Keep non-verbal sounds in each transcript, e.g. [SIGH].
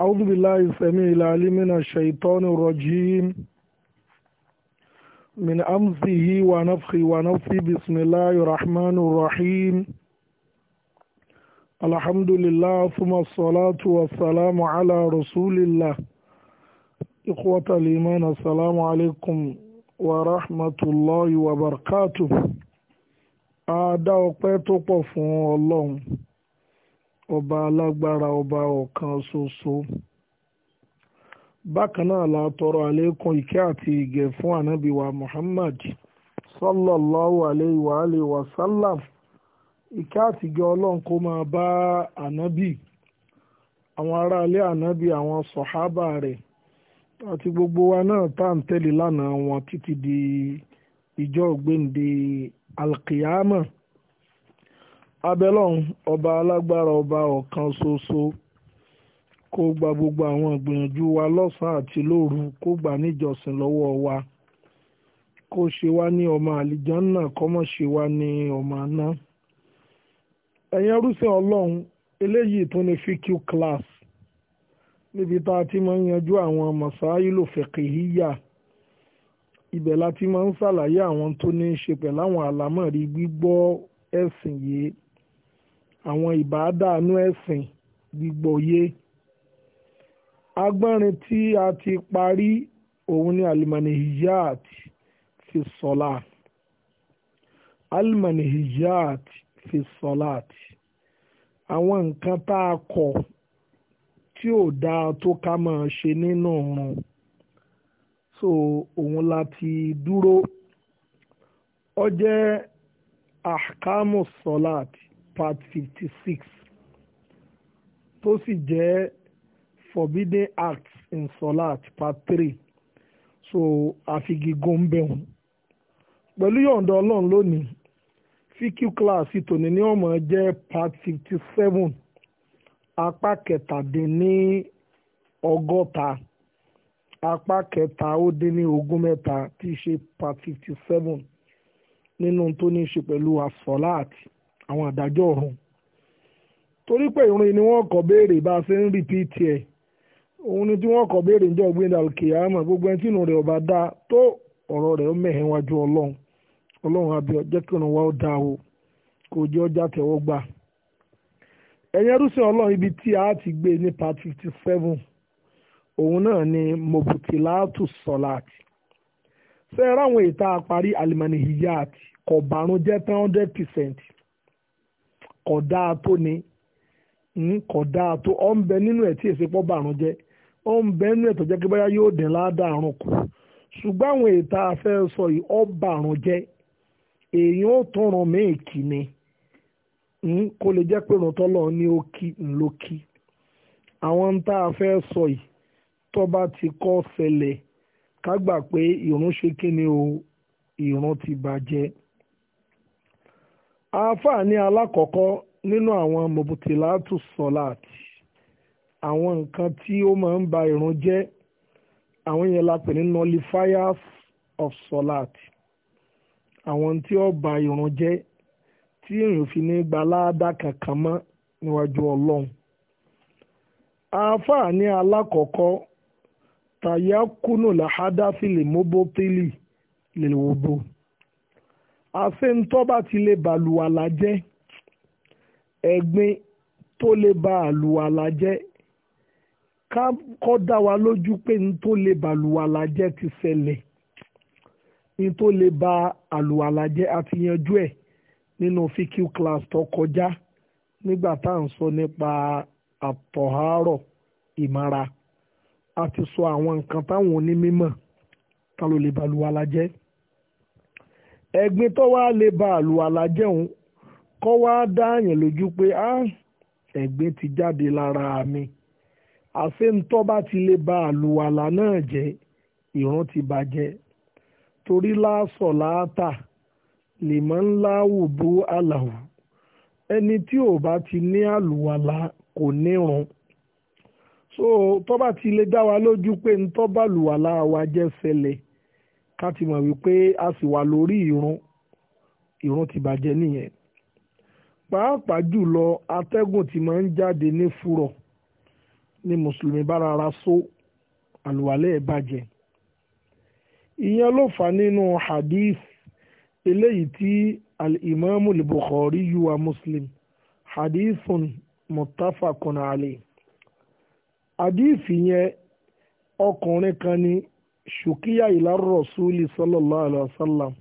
أعوذ بالله السميع العليم من الشيطان الرجيم من أمزه ونفخه ونفخه بسم الله الرحمن الرحيم الحمد لله ثم الصلاة والسلام على رسول الله إخوة الإيمان السلام عليكم ورحمة الله وبركاته أدعو قيتك فون الله ọba alágbára ọba ọ̀kan ṣoṣo bákan náà la tọrọ àlékún ìkẹ́ àti ìgẹ̀ fún ànábì wa Muhammad sallallahu alayhi wa alayhi wa sallam ìkẹ́ àti ìgẹ̀ ọlọ́run kó máa bá ànábì àwọn aráalé ànábì àwọn sọ̀hábà rẹ̀ àti gbogbo wa náà tá à ń tẹ̀lé lánàá wọn títí di ìjọ ògbéǹde alkiyama. abẹ́lọ́run ọba alágbára ọba ọ̀kan ṣoṣo kó gba gbogbo àwọn ìgbìyànjú wa lọ́sàn-án àti lóru kó gbà níjọsìn lọ́wọ́ wa kó ṣe wá ní ọmọ àlìjánná kọ́mọ̀ ṣe wá ní ọmọ aná ẹ̀yin ẹrúsìn ọlọ́run eléyìí tún ní fíkú class níbi tá a ti máa ń yanjú àwọn masáyílò fẹ̀kìhíyà ibẹ̀ la ti máa ń ṣàlàyé àwọn tó ní í ṣe pẹ̀lú àwọn àlámọ̀rí gbígbọ́ ẹ̀sìn yìí àwọn ìbádàánú ẹ̀sìn gbígbọ́yé agbọ́nrin tí a ti parí òun ni almanihiyat fi sọ́láàt almanihiyat fi sọ́láàt àwọn nǹkan tá a kọ̀ tí ò dáa tó ká máa ṣe nínú ọ̀run so òun la ti dúró ó jẹ́ ahkamu sọ́láàtì part fifty six tó sì jẹ́ forbidden acts in solat part three so àfigigún bẹ̀rùn pẹ̀lú yọ̀ǹda ọlọ́run lónìí fíkú kíláàsì tòní ní ọmọ jẹ́ part fifty seven apá kẹtàdínní ọgọ́ta apá kẹta ó dín ní ogún mẹ́ta tí í ṣe part fifty seven nínú tó ní í ṣe pẹ̀lú asọ́láàtì àwọn àdájọ́ ohun torí pé ìrun ni wọ́n kọ́ béèrè bá a ṣe ń rìpíìtì ẹ̀ òun ni tí wọ́n kọ́ béèrè níjọ́ gbéńdà gbogbo ẹni tí ọba dá tó ọ̀rọ̀ rẹ̀ ó mẹ̀hẹ́ wájú ọlọ́run ọlọ́run jẹ́ o kò jẹ́ ọjà tẹ̀wọ́ gbà ẹrúsìn ọlọ́run ibi tí a ti gbé ní part fifty seven ni ṣe é ráwọn ìta alimani hiyat kọ̀ọ̀bàrún jẹ́ three hundred kò tó ni tó ọ ń bẹ nínú ẹ̀ tí èsì bàrún jẹ́ ọ ń bẹ nínú ẹ̀ tó jẹ́ kí báyá yóò dín ládàárún kù ṣùgbọ́n àwọn ètò afẹ́ sọ yìí bàrún jẹ́ èèyàn ni lè jẹ́ pé ìrántọ́ lọ ní ó kí ńlọ kí àwọn ti kọ́ ṣẹlẹ̀ ká gbà pé ṣe o ti bàjẹ́. àáfàá ní alákọ̀ọ́kọ́ nínú àwọn mọ̀bùtìláàtù sọ̀láàtì àwọn nǹkan tí ó máa ń ba ìrun jẹ́ àwọn yẹn la pè ní nullifiers of salat àwọn tí ó ba ìrun jẹ́ tí èèyàn fi ní gba láàdá kankan mọ́ níwájú ọlọ́run àáfàá ní alákọ̀ọ́kọ́ tàyà kùnú làhádá fìlè mọ́bótìlì lè wọ́bọ̀ àṣentọ́ bá ti lè bàlùwàlà jẹ́ ẹ̀gbin tó lè ba àlùwàlà jẹ́ ká kọ́ dá wa lójú pé n tó lè bàlùwàlà jẹ́ ti ṣẹlẹ̀ n tó lè ba àlùwàlà jẹ́ àti yanjú ẹ̀ nínú fíkú class tó kọjá nígbà tá à ń sọ nípa àtọ̀hárọ̀ ìmara a ti sọ àwọn nǹkan táwọn onímọ̀ ta ló lè bàlùwàlà jẹ́ ẹ̀gbin tó wá lè ba àlùwàlà jẹun kọ́ wá dáàyàn lójú pé á ẹ̀gbin ti jáde lára mi àṣé ń tọ́ bá ti lè ba àlùwàlà náà jẹ́ ìrun ti bàjẹ́ torí láàsọ̀ láàtà lèmọ́ ńlá wùdú àlàwù ẹni tí ò bá ti ní àlùwàlà kò nírun so tó bá ti lè dá wa lójú pé ń tọ́ àlùwàlà wa jẹ́ ṣẹlẹ̀ ká ti mọ̀ wípé a sì wà lórí ìrun ìrun ti bàjẹ́ nìyẹn pàápàá jùlọ atẹ́gùn tí máa ń jáde ní fúrọ̀ ni mùsùlùmí bára ra só àlùwalẹ̀ bàjẹ́ ìyẹn ló fà nínú hadith eléyìí tí al-imaamu al-bukhari yuwa muslim hadithun muttafaqun ali, hadith yẹn ọkùnrin kan ni ṣùkíyà ìlàrọ̀ súlì sallallahu alaihi wasallam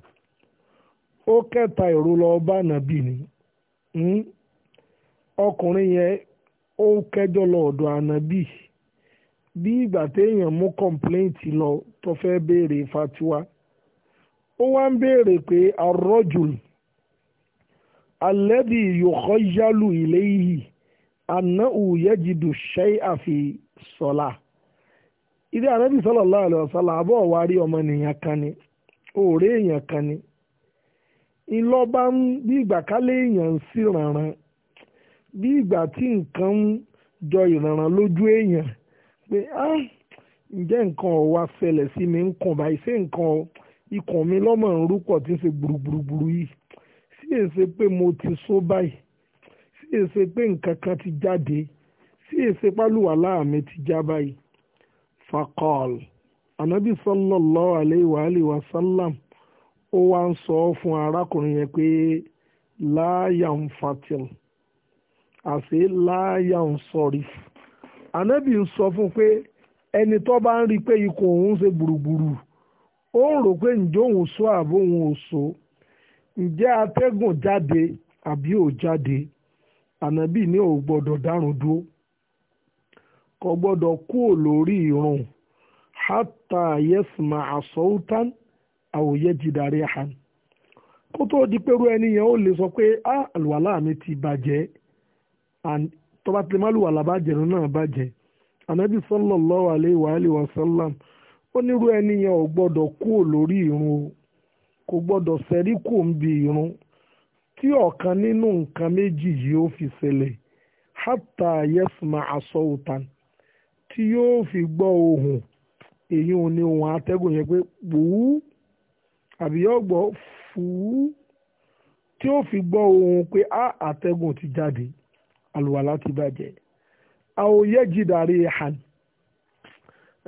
ó kẹta ìró lọ bá nàbì ni hmm? ọkùnrin yẹn ó kẹjọ lọ ọ̀dọ̀ ànàbì bí ìgbà téèyàn mú kọ̀ǹpléǹtì lọ tó fẹ́ béèrè fatiwa ó wá ń béèrè pé arrajul alladhi yukhayyalu ilayhi annahu yajidu shay'a fi salah ilé ànábì sallallahu alaihi wasallam àbọ̀ wá rí ọmọ nìyàn kan ni òòrè èèyàn kan ni ńlọ bá ń bí ìgbà ti èèyàn ń sí loju bí ìgbà tí nǹkan ń jọ ìrànràn lójú èèyàn pé á ǹjẹ́ nǹkan ò wá mi ń kàn báyìí ṣé nǹkan ikùn mi lọ́mọ ń mo ti só báyìí sí èsè pé nǹkan kan ti jáde sí èsè mi ti já báyìí fakọ́l anabi sallallahu alayhi wa alayhi wa sallam ó wá ń sọ fún arákùnrin yẹn pé láyàn fatil àti láyàn sọ̀rif anabi ń sọ fún pé ẹni tó bá ń rí pé ikùn òun ṣe gbùrùgbùrù ó ń rò pé ǹjẹ́ òun sọ àbó òun ò sọ ǹjẹ́ atẹ́gùn jáde àbí ò jáde ànábì ní gbọ́dọ̀ dárun dúró ọgbọdọ gbọ́dọ̀ kúò lórí irun hátà yẹ́sùmá àsọ̀wútán àwòyẹ́ jìdàrí han kó tó di pẹ̀lú ẹni yẹn ó lè sọ pé a àlùwàlá mi ti bàjẹ́ tọ́ba tí má lùwàlá bàjẹ́ náà bàjẹ́ anabi sallallahu alayhi wa alayhi wa sallam ó nírú ẹni yẹn ò gbọ́dọ̀ lórí irun o kò gbọ́dọ̀ sẹ́rí kò ń bi irun tí ọ̀kan nínú nǹkan méjì yìí ó fi ṣẹlẹ̀ hátà tí yóò fi gbọ́ ohùn èyí ò ní ohùn atẹ́gùn yẹn pé pòú àbí yóò gbọ́ fùú tí yóò fi gbọ́ ohùn pé á atẹ́gùn ti jáde àlùwàlá ti bàjẹ́ àòyẹ jìdàrí hàn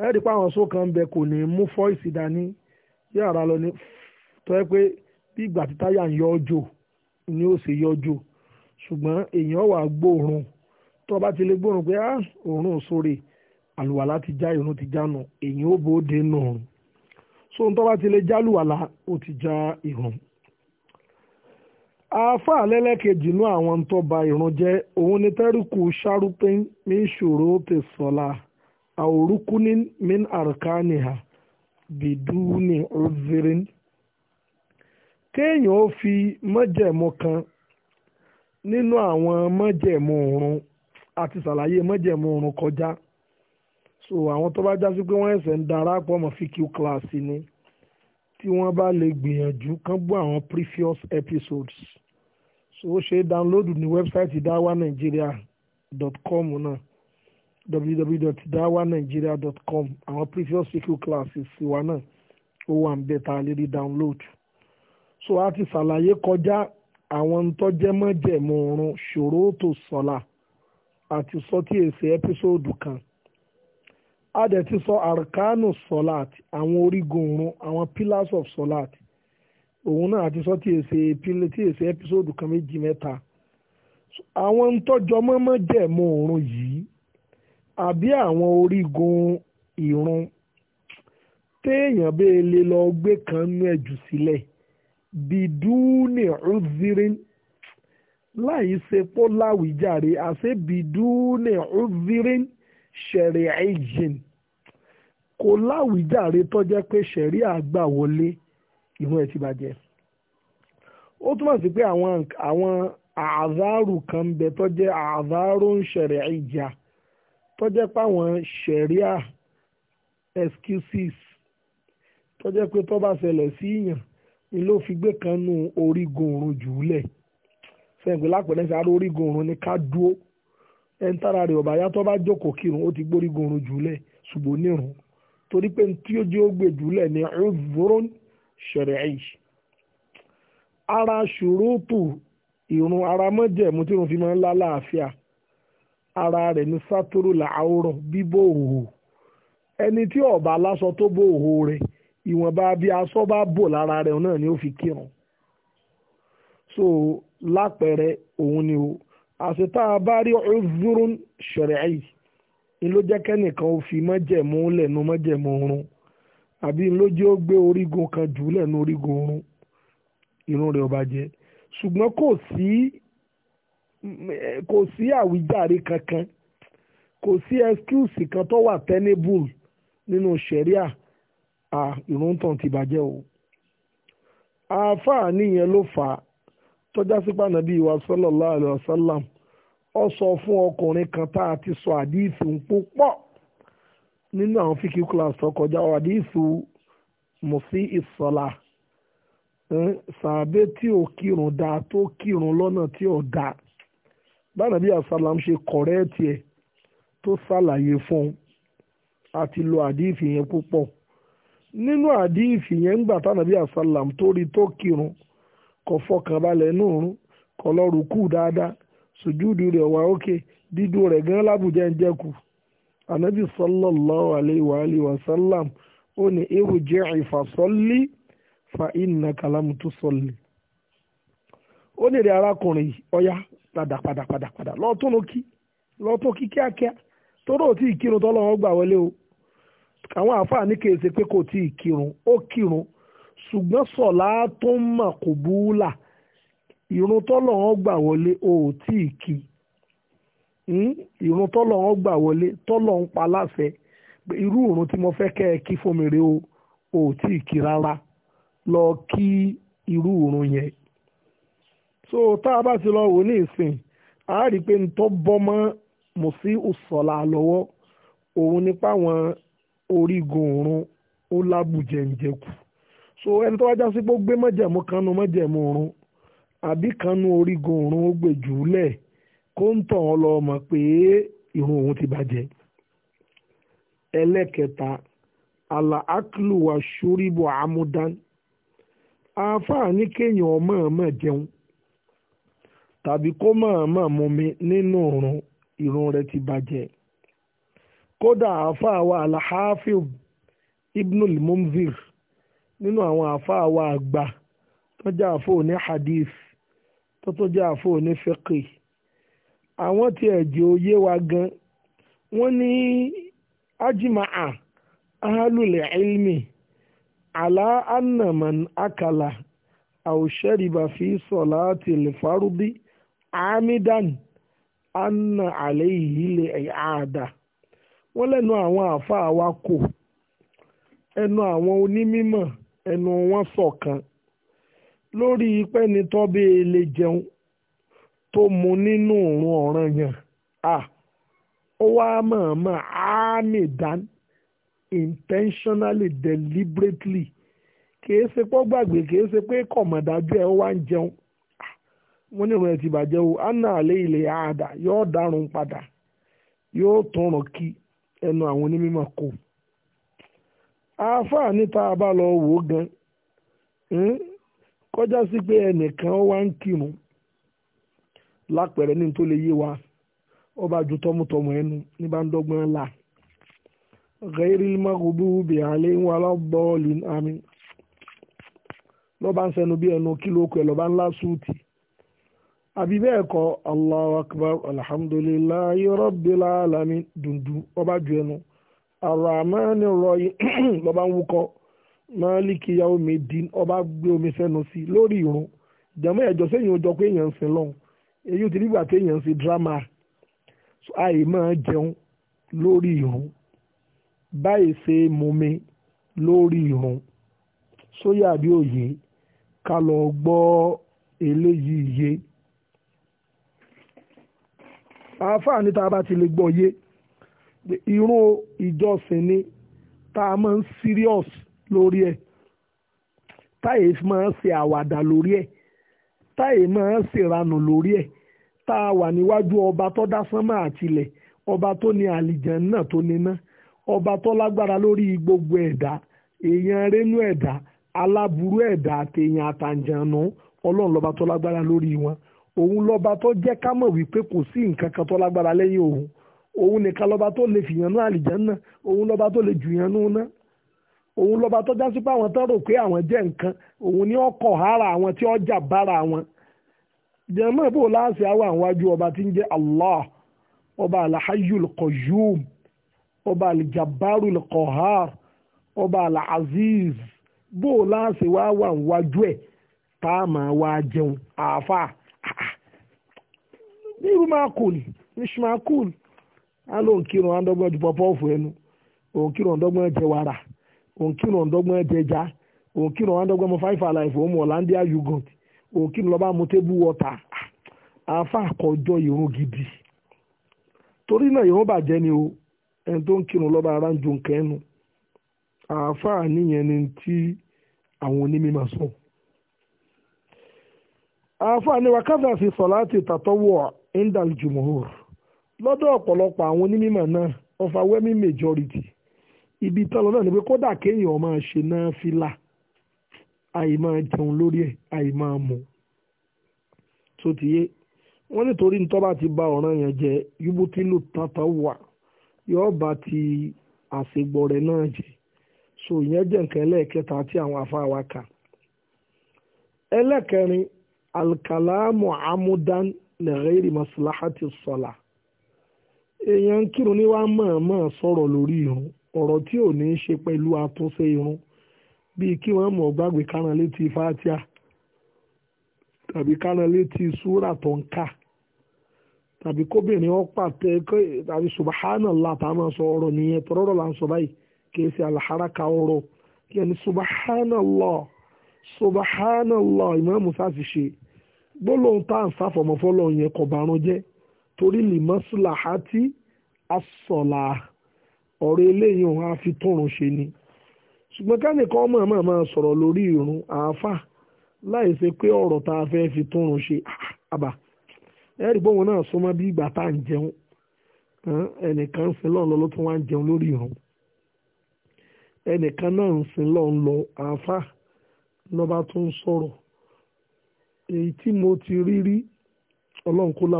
ẹ̀rí pa àwọn sókan ń bẹ kò ní mú fọ́ìsì dání yàrá lọ ní tọ́ ẹ pé bí ìgbà tí táyà ń yọ ọjọ́ ni ó sì yọjọ́ ṣùgbọ́n èèyàn wà gbóòórùn tó bá ti lè gbóòórùn pé ah òórùn sóre àlùwàlá ti já irun ti jánu èyí ó bóde nù ọ̀run so n tó bá ti lè jálùwàlá ó ti já irun. àáfàá lẹ́lẹ́kejì inú àwọn ń tó ba irun jẹ́ òun ni tẹ́ríkù sárúpín mi ṣòro tè sọ́la àwòrúkúní min arkaniha bidúni ọ̀zẹ̀rìn kéèyàn ó fi mọ́jẹ̀mú kan nínú àwọn mọ́jẹ̀mú òrun àti ṣàlàyé mọ́jẹ̀mú òrun kọjá so àwọn tó bá já sí pé wọ́n ẹ̀sẹ̀ ń darapọ̀ mọ́ fíkíù kíláàsì ni tí wọ́n bá lè gbìyànjú kán bú àwọn previous episodes so ó ṣe dáńlódù ní wẹ́bsáìtì dawanigeria.com náà www.dawanigeria.com àwọn previous fíkíù kíláàsì sí wa náà ó wà ń bẹ tá a lè rí download so a ti ṣàlàyé kọjá àwọn ntọ́jẹ́mọ́jẹ̀mọ́ ọ̀run ṣòro tó sọ̀la àti sọ́tí èsì ẹ́písòdù kan a dẹ̀ ti sọ arkanu solat àwọn orígun òrun àwọn pillars of solat òun náà ti sọ tí èsè pílẹ̀ tí èsè ẹ́písòdù kan méjì mẹ́ta àwọn ntọ́jọ́ mọ́mọ́ jẹ̀ mọ́ òrun yìí àbí àwọn orígun ìrun téèyàn bẹ́ẹ̀ lè lọ gbé kan nú ẹ̀jù sílẹ̀ bidúni ọ̀zirin láì ṣe pọ́ bidu àṣẹ bidúni ọ̀zirin ṣẹ̀rẹ̀ ẹ̀jìn kò láwìjàre tó jẹ́ pé ṣẹ̀rí àgbà wọlé ìrun ẹ̀ ti bàjẹ́ ó túmọ̀ sí pé àwọn àwọn àzárù kan ń bẹ tó jẹ́ ń ṣẹ̀rẹ̀ ìjà tó jẹ́ páwọn ṣẹ̀ríà excuses tó jẹ́ pé tó bá ṣẹlẹ̀ sí yàn ni ló fi gbé kan nu orígun òrun jùúlẹ̀ sẹ́yìnpé lápẹ̀lẹ́ sí ara orígun òrun ni ká dúó ẹni tára rẹ̀ ọ̀bàyá tó bá jókòó kírun ó ti gbórígun òrun jùúlẹ̀ ṣùgbọ́n nírun torí pé tí ó jẹ́ ògbè jùlẹ̀ ní uzurun shar'i ara ṣùrùtù ìrun ara mọ́jẹ̀mú tí wọ́n fi máa ń lá láàfíà ara rẹ̀ ní sátúrù làárọ̀ bíbò òhò ẹni tí ọ̀bà aláṣọ tó bò òhò rẹ̀ ìwọ̀nba bí aṣọ bá bò lára rẹ̀ náà ni ó fi kírun so lápẹẹrẹ òun ni o àṣetá a bá rí uzurun shar'i ni ló jẹ́ kẹ́nìkan ó fi mọ́jẹ̀mú lẹ́nu mọ́jẹ̀mú run àbí ni ló jẹ́ ó gbé orígun kan jù lẹ́nu orígun run irun rẹ̀ ọba jẹ́ ṣùgbọ́n kò sí kò sí àwíjàre kankan kò sí excuse kan tó wà tenable nínú sẹ̀ríà à irun tán ti bàjẹ́ o àáfàá nìyẹn ló fà á tọ́já sípà nàbí wa sallallahu alaihi wasallam ọ sọ fún ọkùnrin kan tá a ti sọ àdíìsì ń púpọ̀ nínú àwọn fíkì class tó kọjá àdíìsì mùsí ìsọ̀la sàbẹ́ tí ò kírun dá tó kírun lọ́nà tí ò dá bára bí asálàm ṣe kọ̀rẹ́ẹ̀tì ẹ̀ tó ṣàlàyé fún un àti lo àdíìsì yẹn púpọ̀ nínú àdíìsì yẹn ń gbà tánàbí asálàm tó rí tó kírun kò fọkànbalẹ̀ nù kò lọ rùkú dáadáa sùjúdù rẹ̀ wá òkè dídú rẹ̀ gan lábùjá ń jẹ́kù anabi sallallahu alayhi wa alayhi wa sallam ó ní ewu jẹ́ ìfàsọ́lì fa iná kalamu tó sọlọ ó ní èrè arákùnrin ọ̀yá padà padà padà padà lọ́ọ̀tún ló lọ́ọ̀tún kí kíákíá tóró ò tí ì o àwọn ní pé kò tí ó kírun ṣùgbọ́n sọ̀lá tó ìrun tọ́lọ́run gbà wọlé o ò tí ì kí hmm? ìrun gbà wọlé pa láṣẹ irú ìrun tí mo fẹ́ kẹ́ kí fún o ò tí ì kí rárá lọ kí irú yẹn so tá a bá ti lọ wò ní ìsìn a rí i pé ntọ́ bọ́ mọ́ mùsí ùsọ̀là lọ́wọ́ òun nípa àwọn orígun òrun ó so ẹni tó sí pé ó àbí kanú orígun òrùn ó gbè kó ń tàn án lọ mọ̀ pé irun òun ti bàjẹ́. ẹlẹ́kẹta alaaklu wa shuribu àáfàá ní kéèyàn mọ̀ọ́mọ̀ jẹun tàbí kó mọ̀ọ́mọ̀ mumi nínú òrùn irun ti bàjẹ́. kódà àáfàá wa nínú àwọn àáfàá wa àgbà tọ́jà tó tó jẹ́ àfọ onífẹ́kì àwọn tí ẹ̀jẹ̀ òye wa gan wọ́n ní ajimaa ahalulẹ̀ ilmi ala annaman akala àwòṣẹ́rìbà fi sọ̀lá tìlẹ̀ fárúbí amidan anna àléyìí lè àádá wọ́n lẹ́nu àwọn àáfàá wa kò ẹnu àwọn onímímọ̀ ẹnu wọn ṣọ̀kan. So lórí pẹ́ni tọ́bí lè jẹun tó mu nínú òun ọ̀ràn yẹn ó wá mọ̀ọ́mọ̀ ámì dán intentionally deliberately kìí ṣe pọ́ gbàgbé kìí ṣe pé kọ̀mọ̀dájú ẹ̀ wá ń jẹun wọ́n ní ti bàjẹ́ o anna ilẹ̀ àdá yóò dárun padà yóò kí ẹnu àwọn onímọ̀ kò àáfàá níta bá lọ wò ó gan-an hm? kọjá sí pé ẹnìkan wá ń kírun lápẹẹrẹ ní tó lè yé wa ju tọmọtọmọ ẹnu ní bá ń dọ́gbọ́n là ghayril maghdubi alayhim waladdallin àmín ló ń sẹnu bí ẹnu kílò kọ ẹ ló bá súùtì àbí bẹ́ẹ̀ kọ́ allahu [CLEARS THROAT] máàlìkì ìyàwó mi dín ọba gbé omi sẹ́nu sí lórí ìrun jàmọ́ ẹ̀jọ́ sẹ́yìn ó jọ pé èèyàn ń sin lọ́hùn èyí ò ti nígbà tí èèyàn ń sin dírámà àì máa jẹun lórí ìrun báyìí ṣe mumi lórí ìrun sóyà bí òye ká lọ gbọ́ eléyìí yé àáfàá níta bá ti lè gbọ́ yé irun ìjọsìn ni tá a máa ń serious lórí ẹ̀ táyé máa ń ṣe àwàdà lórí ẹ̀ táyé máa ń ṣèranù lórí ẹ̀ tá a wà níwájú ọba tó dá sánmà àtìlẹ̀ ọba tó ní àlìjàn náà tó níná ọba tó lágbára lórí gbogbo ẹ̀dá èèyàn aláburú àtàǹjànú tó lágbára lórí wọn òun tó ká wípé kò sí nǹkan kan tó lágbára òun òun nìkan tó lè àlìjàn òun lọ́ba tó já sí pé àwọn tó rò pé àwọn jẹ́ nǹkan òun ni ọkọ̀ ara àwọn tí ọjà bára àwọn jẹ́mọ́ ìbò láàṣẹ àwọn àwájú ọba tí ń jẹ́ Allah ọba alahayul qayyum ọba aljabarul qahar ọba alaziz bó láàṣẹ wá wà wájú ẹ̀ tá a máa wá jẹun àáfà ní irú máa kù ní ishmael kù á lóun kírun á ju pọ́pọ́ ẹnu òun kírun ọ̀dọ́gbọ́n jẹ wàrà. òǹkìrò ọ̀dọ́gbọ́n jẹja òǹkìrò ọ̀dọ́gbọ́n mu five alive òun mu Hollandia yogurt òǹkìrò lọ́ba mu table water àáfà àkọjọ ìrun gidi torí náà ni o ẹni tó ń kírun ara ni ni wákàtí àfi sọ̀lá indal jùmọ̀hóòrù lọ́dọ̀ majority ibi tọ́lọ náà ni pé kódà kéèyàn ó máa ṣe náà fìlà àì máa jẹun lórí ẹ̀ àì máa mu tó ti yé wọ́n nítorí nítorí bá ti ba ọ̀ràn yẹn jẹ́ yubutilu tata wà yóò bá ti àṣegbọ̀rẹ̀ náà jẹ́ so ìyẹn jẹ́ nǹkan ẹlẹ́ẹ̀kẹta tí àwọn afáwa kà ẹlẹ́ẹ̀kẹrin alkalamu amudan lẹ́rẹ́rì maslahati sọ̀la èèyàn kírun ni wàá mọ̀ọ́mọ̀ sọ̀rọ̀ lórí irun ọ̀rọ̀ tí ò ní í ṣe pẹ̀lú àtúnṣe irun bíi kí wọ́n mọ̀ gbàgbé kárán létí fatia tàbí kárán létí súrà tó ń kà tàbí kóbìnrin ọ pàtẹ tàbí subhanallah tá a máa sọ ọ̀rọ̀ nìyẹn tọrọrọ là ń sọ báyìí kì í ṣe àlàáraka ọ̀rọ̀ kí ẹni subhanallah subhanallah ìmọ̀ musa ti ṣe gbólóhùn tá à ń sáfọ̀mọ́fọ́ lọ́ọ̀ yẹn kọ̀ọ̀bàrún jẹ́ torí lè mọ́sùlá àti asọ̀là ọ̀rọ̀ eléyìí òun á fi túnrun ṣe ni ṣùgbọ́n kánìkan ọmọ ọmọ máa sọ̀rọ̀ lórí ìrun àáfà láì ṣe pé ọ̀rọ̀ tá a fẹ́ fi túnrun ṣe ah, ah, àbà ẹ̀rí bóun náà súnmọ́ bí ìgbà tá à ń jẹun ẹnìkan ń sin lọ́n lọ ló tún wá ń jẹun lórí ìrun ẹnìkan náà ń sin lọ́n àáfà lọ́ba tó ń sọ̀rọ̀ èyí tí mo ti rí rí ọlọ́run kó là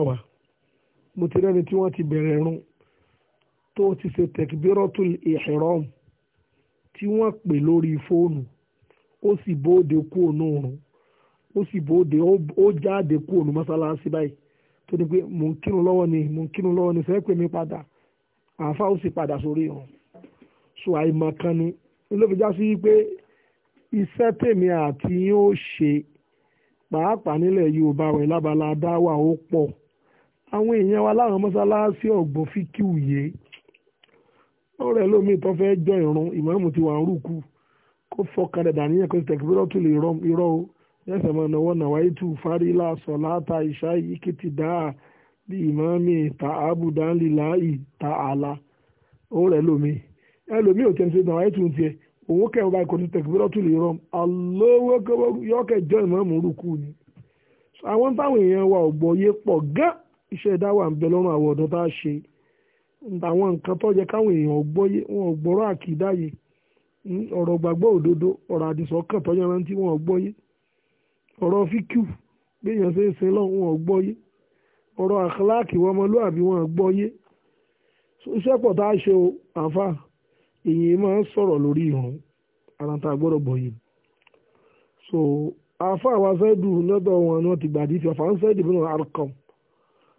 mo ti rẹ́ni tí wọ́n ti bẹ̀rẹ̀ run tó ti ṣe tẹkibírọ́tùl ìhìrọ́m tí wọ́n pè lórí fóònù ó sì bóde kú òun òrùn ó sì bóde ó jáde kú òun mọ́sálásí báyìí tó ní pé mò ń kírun lọ́wọ́ ni mò ń kírun lọ́wọ́ ni fẹ́ pè mí padà àáfà ó sì padà sórí ọ̀hún so àìmọ̀ ni ló fi já sí pé iṣẹ́ tèmi àti yín ó ṣe pàápàá nílẹ̀ Yorùbá wẹ̀ lábala dáwà ó pọ̀ àwọn èèyàn wa láwọn mọ́sálásí ọ̀gbọ́n fíkìwù yìí ọ̀rẹ́ lómi tó fẹ jọ ìrun ìmáàmù ti wà ń rúkú kó fọkàn rẹ̀ dàníyàn kó tẹ̀kíbírọ̀ tó lè rọ o yẹ́sẹ̀ máa náwó náwó ètò fárílà ta ìṣá ìkìtì dáa bí ìmáàmì ta àbùdánlélá ìta àlà ọ̀rẹ́ lómi ẹlòmí ò tẹ̀sí náwó ètò tiẹ̀ òun kẹ́ ọba jọ ìmáàmù rúkú ni àwọn táwọn èèyàn wa ò gbọ àwọn nǹkan tó yẹ káwọn èèyàn gbọ́yé wọn gbọ́rọ̀ àkìdá yìí hmm, ọ̀rọ̀ gbàgbọ́ òdodo ọ̀rọ̀ àdìsọ́kàn tó yanrantí wọn gbọ́yé ọ̀rọ̀ fíkìú gbéyàn ṣe ń sin lọ́hùn wọn gbọ́yé ọ̀rọ̀ àkàláàkì wọn ọmọlúàbí wọn gbọ́yé iṣẹ́ pọ̀ tá a ṣe o àfa èyí máa ń sọ̀rọ̀ lórí ìrùn àràǹtà gbọ́dọ̀ gbọ́yé so àfa àwa sẹ́dù lọ́dọ̀ wọn ni wọ́n ti gbàdí ti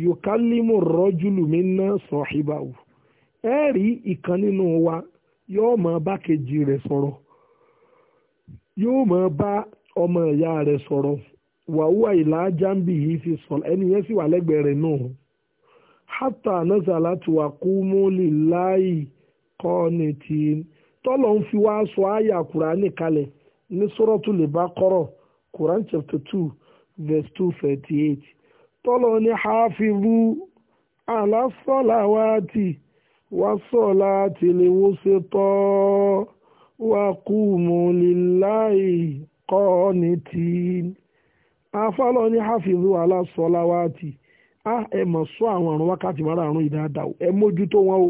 yòkálímù rọ́júlù minna ná sọ̀híbàwù ẹ rí ìkan nínú wa yóò máa bá kejì rẹ̀ sọ̀rọ̀ yóò máa bá ọmọ ìyá rẹ̀ sọ̀rọ̀ wàhùwà ìlà jambi yìí fi sọ̀rọ̀ ẹni yẹn sì wà lẹ́gbẹ̀ẹ́ rẹ̀ náà hátà wà kú láì kọ́ ni tọ́lọ̀ ń fi wá sọ àyà kùránì kalẹ̀ ní lè bá kọ́rọ̀ kùránì chapter tọ́lọ́ ní hafizu alasọ́làwátì ni wọ́n ṣe tọ́ wa qumu lillahi qanitin afọ́lọ́ ní hafizu alasọ́làwátì a ẹ mọ̀ sọ àwọn àrùn wákàtí márààrún ìdáadáa ẹ mójútó wọn o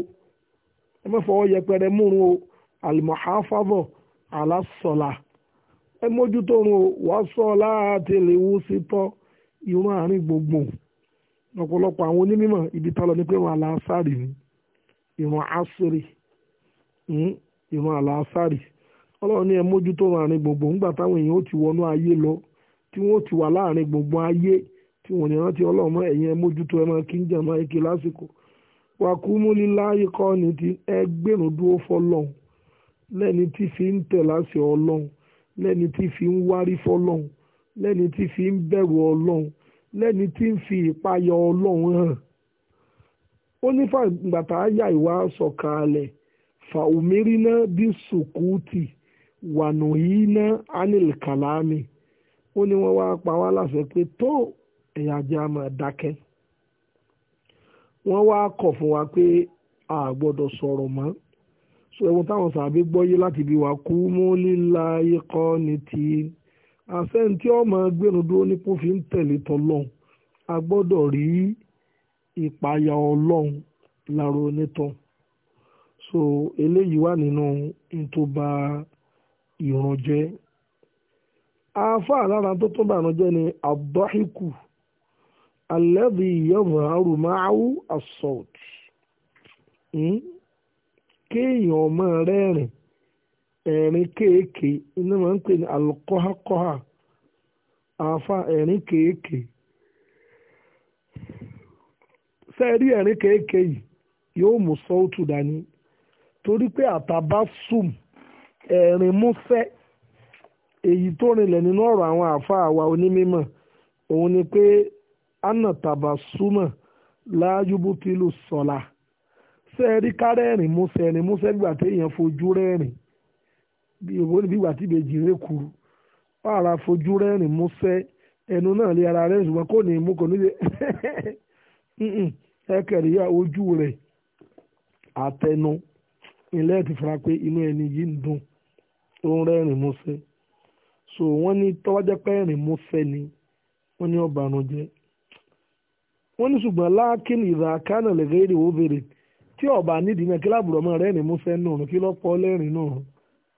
ẹ má yẹpẹrẹ múrun o almuhafazọ alasọla ẹ mójútó o wàá sọ ìrun àárín gbogbo ọ̀pọ̀lọpọ̀ àwọn onímọ̀ ibi tá lọ ní pé ìrun àlàásàrì ni ìrun àsìrì hmm? ìrun àlàásàrì ọlọ́run ní ẹ mójútó àárín nígbà táwọn èèyàn ó ti wọnú ayé lọ tí wọ́n ó ti wà láàrin gbogbo ayé tí wọ́n ní rántí ẹ̀yìn ẹ fi ń tẹ̀ láṣẹ ọlọ́run lẹ́ni tí fi ń lẹ́ni tí fi ń bẹ̀rù ọlọ́run lẹ́ni tí ń fi ìpayà ọlọ́run hàn ó ní fàgbàtà àyà ìwà sọ̀kalẹ̀ fàùmírínà bí sùkúùtì wànúhínà anil kàlámì ó ní wọ́n wá pa wá láṣẹ pé tó ẹ̀yà jẹ́ a máa dákẹ́ wọ́n wá kọ̀ fún wa pé a gbọ́dọ̀ sọ̀rọ̀ mọ́ so táwọn sàbí gbọ́yé láti bí wa kú mú lílá ikọ́ ní ti. àṣẹ́ntí ọmọ gbẹ̀rún dúró ní kó fi ń tẹ̀lé tọlọ́hún a gbọ́dọ̀ rí ìpayà ọlọ́hun lára onítọ̀ so eléyìí wà nínú ntóba ìrànjẹ́ afa lára tó tún bànújẹ́ ni abdulhiku alẹ́bí yọ̀bù arumáwù assault hmm? kéèyàn ọmọ rẹ́rìn-ín ẹ̀rín keeke iná máa ń afa ní keeke àáfà ẹ̀rín kéèké keeke yóò mú sọ́ọ̀tù dání torí pé àtàbá sùm ẹ̀rín èyí tó rinlẹ̀ nínú ọ̀rọ̀ àwọn àáfàá àwa onímọ̀ òun ni pé bí òwò níbi ìgbà tí ìbejì rẹ̀ kúrú ọ̀rá fojú rẹ́rìn músẹ́ ẹnu náà lé ara rẹ̀ ṣùgbọ́n kò ní mú kò ní lè ẹkẹrì yá ojú rẹ àtẹnu ilé ti fara pé inú ẹni yìí ń dùn ó ń rẹ́rìn so wọ́n ní pé rìn ni wọ́n ní ní láàkín bèrè tí nídìí náà mọ́ náà kí lọ́pọ̀ lẹ́rìn náà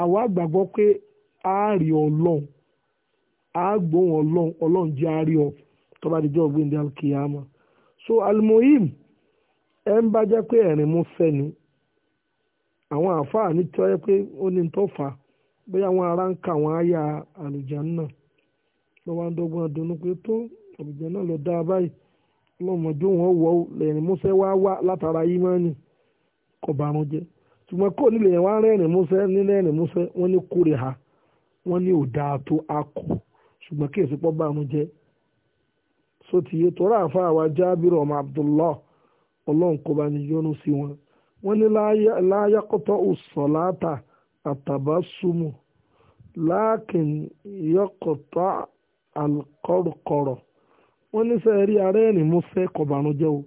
àwa gbàgbọ́ pé a rí ọlọ́run a gbóhùn ọlọ́run ọlọ́run jẹ́ a rí ọ tó bá alkiyama so almohim ẹ ń bá jẹ́ pé ẹ̀rín mú fẹ́ ni àwọn àáfàá ní tí wọ́n yẹ pé ó ní tó fà á bóyá àwọn ará ń ka àwọn àyà àlùjánnà lọ́ wá ń dọ́gbọ́n pé tó ṣùgbọ́n kó nílé yẹn wá rẹ́rìn músẹ́ nílé rẹ́rìn músẹ́ wọ́n ní kórè ha wọ́n ní ò dáa tó akọ ṣùgbọ́n kí èsì pọ́ bá wọn jẹ́ so ti yé tọ́ra àfa àwa jábìrì ọmọ abdullah ọlọ́run kó bá ní yọ́nú sí wọn wọ́n ní láyàkọ́tọ̀ ọ̀sọ̀láta àtàbásùmù láàkìn yọkọ̀tọ̀ alkọ́rọ̀kọ̀rọ̀ wọ́n ní sẹ́ẹ̀rí arẹ́rìn músẹ́ kọ̀bànújẹ́ o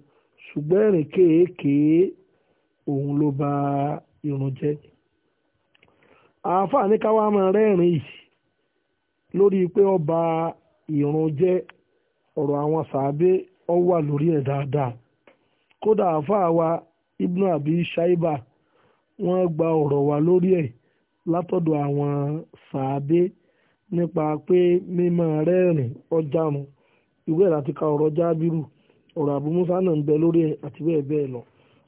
ṣùgbọ́n ẹ̀rìn òun ló bá a. irun jẹ́ àáfàá ní káwá máa rẹ́rìn yìí lórí pé ọba irun jẹ́ ọ̀rọ̀ àwọn sàábé ó wà lórí ẹ̀ dáadáa kódà àáfàá wa ibnu abi shaiba wọn gba ọ̀rọ̀ wa lórí ẹ̀ látọ̀dọ̀ àwọn sàábé nípa pé rẹ́rìn ọjàrun ìwé ìlàtíkà ọ̀rọ̀ ọ̀rọ̀ àbúmúsá náà ń bẹ lórí ẹ̀ àti bẹ́ẹ̀ bẹ́ẹ̀ lọ.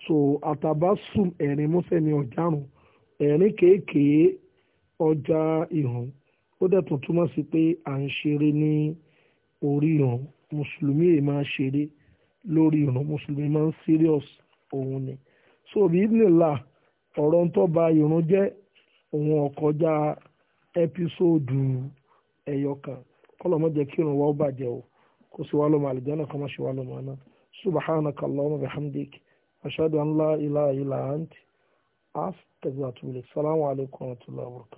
so ataba ẹ̀rín músẹ́ ni ọ̀járùn ẹ̀rín kéékèé ọjà ìhàn ó dẹ̀ tún túmọ̀ sí pé à ń ṣeré ní orí ìhàn mùsùlùmí èyí máa ṣeré lórí mùsùlùmí ni so bí nìlà ọ̀rọ̀ ń tọ́ba ìrún jẹ́ òun ọ̀kọjá ẹ́písòdù ẹ̀yọ kan kí wa ó bàjẹ́ o lọ́mọ àlùjá náà ashhadu an la ilaha illa ant astaghfiruka wa atubu ilayk assalamu alaykum wa rahmatullahi wa barakatuh